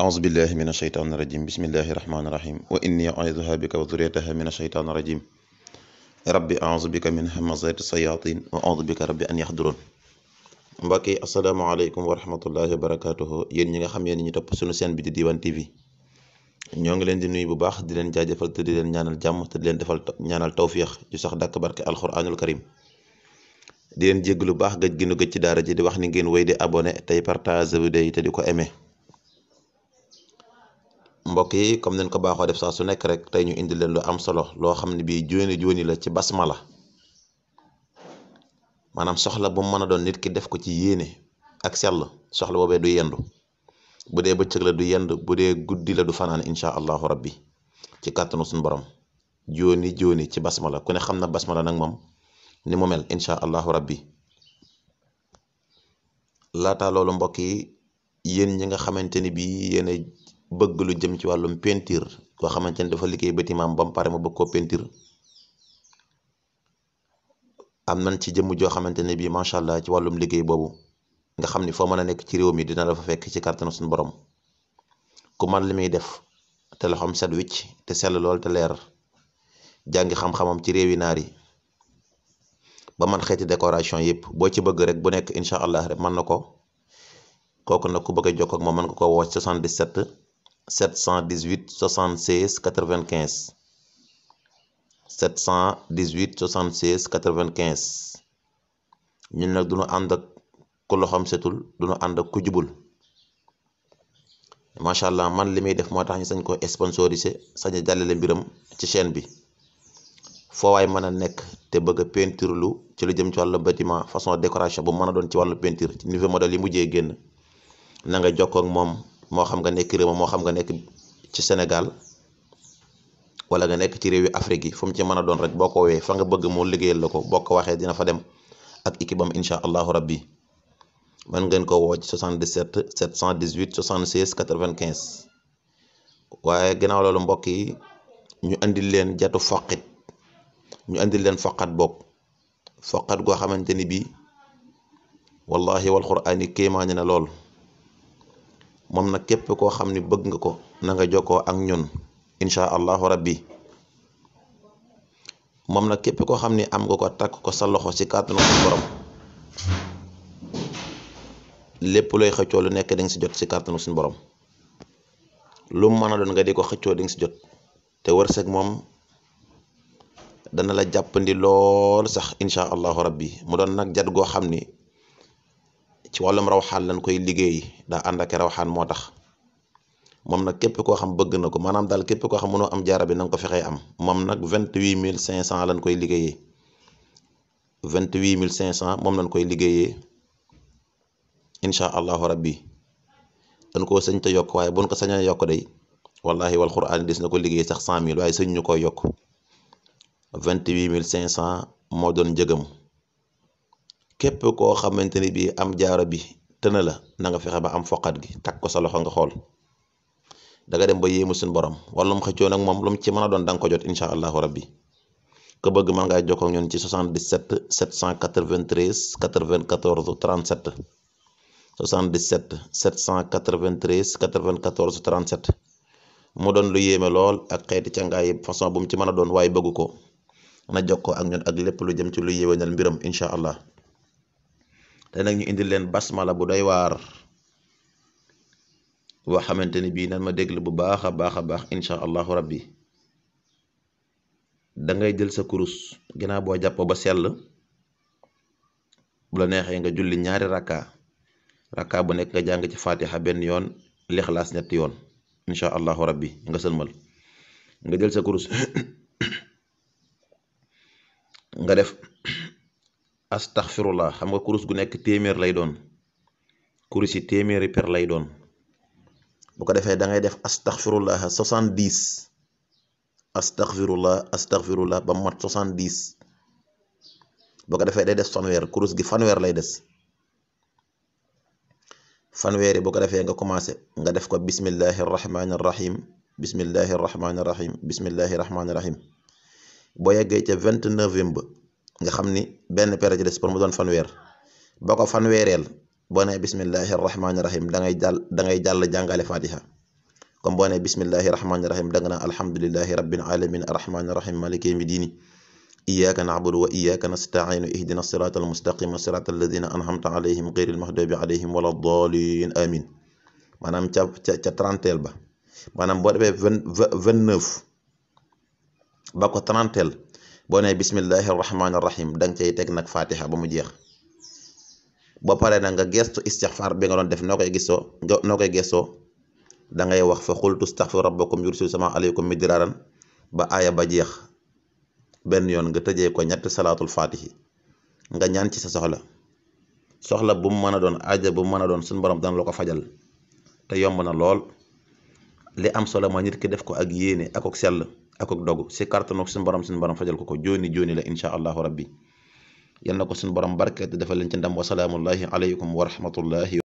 auzu billahi min asheytaani rajim bismillahi rahmaani rahim wa inni u'iiduha bika wa duriyataha min asheytaani rajim rabbi auzu ñi nga xam ne ñu topp suñu seen bi di Diwane ñoo ngi leen di nuyu bu baax di leen jaajafal te di leen ñaanal jàmm te di leen defal ñaanal tawfiix ju sax dàkk barke alquranul karim di leen jégg lu baax gëj gi nu gëj ci daara ji di wax ni ngeen wéy di abonné tey partage vidéo yi te di ko aimé mbokk yi comme nañ ko baaxoo def saa su nekk rek tey ñu indi leen lu am solo loo xam ne bii jóoni jóoni la ci basmala maanaam soxla bu mu mën a doon nit ki def ko ci yéene ak sell soxla boobee du yendu bu dee bëccëg la du yendu bu dee guddi la du fanaan incha allahu rabbi ci kàttanu suñu borom jóoni jóoni ci basmala ku ne xam na basmala nag moom ni mu mel incha allahu rabbi laataa loolu mbokk yi yéen ñi nga xamante ni bii yéen bëgg lu jëm ci wàllum peinture koo xamante ni dafa liggéey bâtiment am ba mu pare mu bëgg koo peinture am nañ ci jëmm joo xamante ne bii macha allah ci wàllum liggéey boobu nga xam ni foo mën a nekk ci réew mi dina la fa fekk ci kàttanu suñu borom ku man li muy def te loxoom set wicc te sell lool te leer jàngi xam-xamam ci yi naar yi ba man xeeti decoration yëpp boo ci bëgg rek bu nekk incha allah rek mën na ko kooku nag ku bëgg a jokkoo ak moom mën nga ko 718 76 95 718 76 95 ñun nag du ñu ànd ak ku loxoom setul du ñu ànd ak ku jubul macha allah man li muy def moo tax ñu sañ ko sponsorisé sañ a jàllale mbiram ci chaîne bi foo waay mën a nekk te bëgg a peinture lu ci lu jëm ci wàllu batiment façon décoration bu mën a doon ci wàllu peinture ci niveau modèle yi mujjee génn na nga jokkoo moom. moo xam nga nekk réew moo xam nga nekk ci Sénégal wala nga nekk ci réew yi Afrique yi fu mu ci mën a doon rek boo ko wee fa nga bëgg moo liggéeyal la ko boo ko waxee dina fa dem ak équipe am incha allahu rabbi mën ngeen ko woo ci 77 718 76 95 waaye ginnaaw loolu mbokk yi ñu andil leen jatu foqit ñu indi leen foqat boog foqat goo xamante ni bii wallahi wal qur'ani kéemaane na lool. moom nag képp koo xam ne bëgg nga ko nanga jox ko ak ñun incha allahu rabbi moom nag képp koo xam ni am nga ko takk ko sa loxo si kàttanu lépp looy xëccoo lu nekk dang si jot si kàttanu suñu borom lu mën a doon nga di ko xëccoo di nga si jot te wërsëg moom dana la jàppandi lool sax incha allahu rabbi mu doon nag jat goo xam ni. ci raw rawxaan lañ koy liggéey daa ànd ak rawxaan moo tax moom nag képp koo xam bëgg na ko maanaam daal képp koo xam mënoo am jaara bi na nga ko fexe am moom nag vingt huit mille cinq cent lañ koy liggéeyee vingt mille cinq cent moom lañ koy liggéeyee incha allahu rabbi dan koo sëñ te yokk waaye bon ko saña yokk day wallahi wal quraan des na ko liggéey sax cent mille waaye sëñ ñu koy yokk vingt huit mille cinq cent moo doon njëgam képp koo xamante ni bii am jaaro bi tëna la na nga fexe ba am foqat gi takk ko sa loxo nga xool da nga dem ba yéemu suñu borom wala mu xëccoo nag moom lu mu ci mën a doon da nga ko jot incha allahu rabbi ko bëgg mën ngaa jokkoo ak ñun ci 77 793 94 37 77 793 94 37 mu doon lu yéeme lool ak xeeti cangaay yëpp façon bu mu ci mën a doon waaye bëgg ko na jox ko ak ñoon ak lépp lu jëm ci lu yéwénal mbiram incha allah. te nag ñu indil leen basmala bu doy waar boo xamante ni bii nan ma déglu bu baax a baax a baax incha allahu rabbi dangay jël sa kurus ginnaaw boo jàppoo ba sell bu la neexee nga julli ñaari rakka rakka bu nekk nga jàng ci fatiha benn yoon lixlaas ñetti yoon incha allahu rabbi nga sëlmal nga jël sa kurus nga def. astaxfirullah xam nga kurus gu nekk téeméer lay doon kurus yi téeméeri per lay doon bu ko defee da ngay def astaxfirullah soixante dix astaxfirullah astaxfirullah ba mat soixante dix boo ko defee day des fanweer kurus gi fanweer lay des fanweer boo bu ko defee nga commencé nga def ko bismillahi rahmaani rahim bismillahi rahmaani rahim bismillahi rahmaani rahim boo yeggee ca vingt-neuvième ba nga xam ni benn paire ci des pour mu doon fanweer boo ko fanweereel boo nee bismillahi rahmaani rahim da ngay jàll da ngay jàll jàngale fatiha comme boo nee bismillahi rahmaani rahim da nga naan alhamdulilahi rabbil alamin arrahmaani rahim maliki yawmi diini iyyaka na'budu wa iyyaka nasta'iinu ihdina siraata almustaqima siraata alladina an'amta alayhim ghayril maghdubi alayhim wala daalin amin maanaam ca ca ca trenteel ba maanaam boo defee vingt vingt neuf ba ko trenteel boo nee bismillahi rahmaani rahim danga cay teg nag fatiha ba mu jeex ba pare na nga gestu istixfar bi nga doon def noo koy gisoo noo koy gestoo da ngay wax fa xultu staxfiru rabbakum yursil sama aleykum midraaran ba aaya ba jeex benn yoon nga tëjee ko ñetti salaatul fatihi nga ñaan ci sa soxla soxla bu mu mën a doon aaja bu mu mën a doon suñ borom dana la ko fajal te yomb na lool li am solo ma nit ki def ko ak yéene ak ak sell ak ak dogu si kàttanu suñu borom suñu borom fajal ko ko jooni jooni la incha allahu rabbi yal na ko suñu borom barkeet defal leen ci ndam wa salaamullahi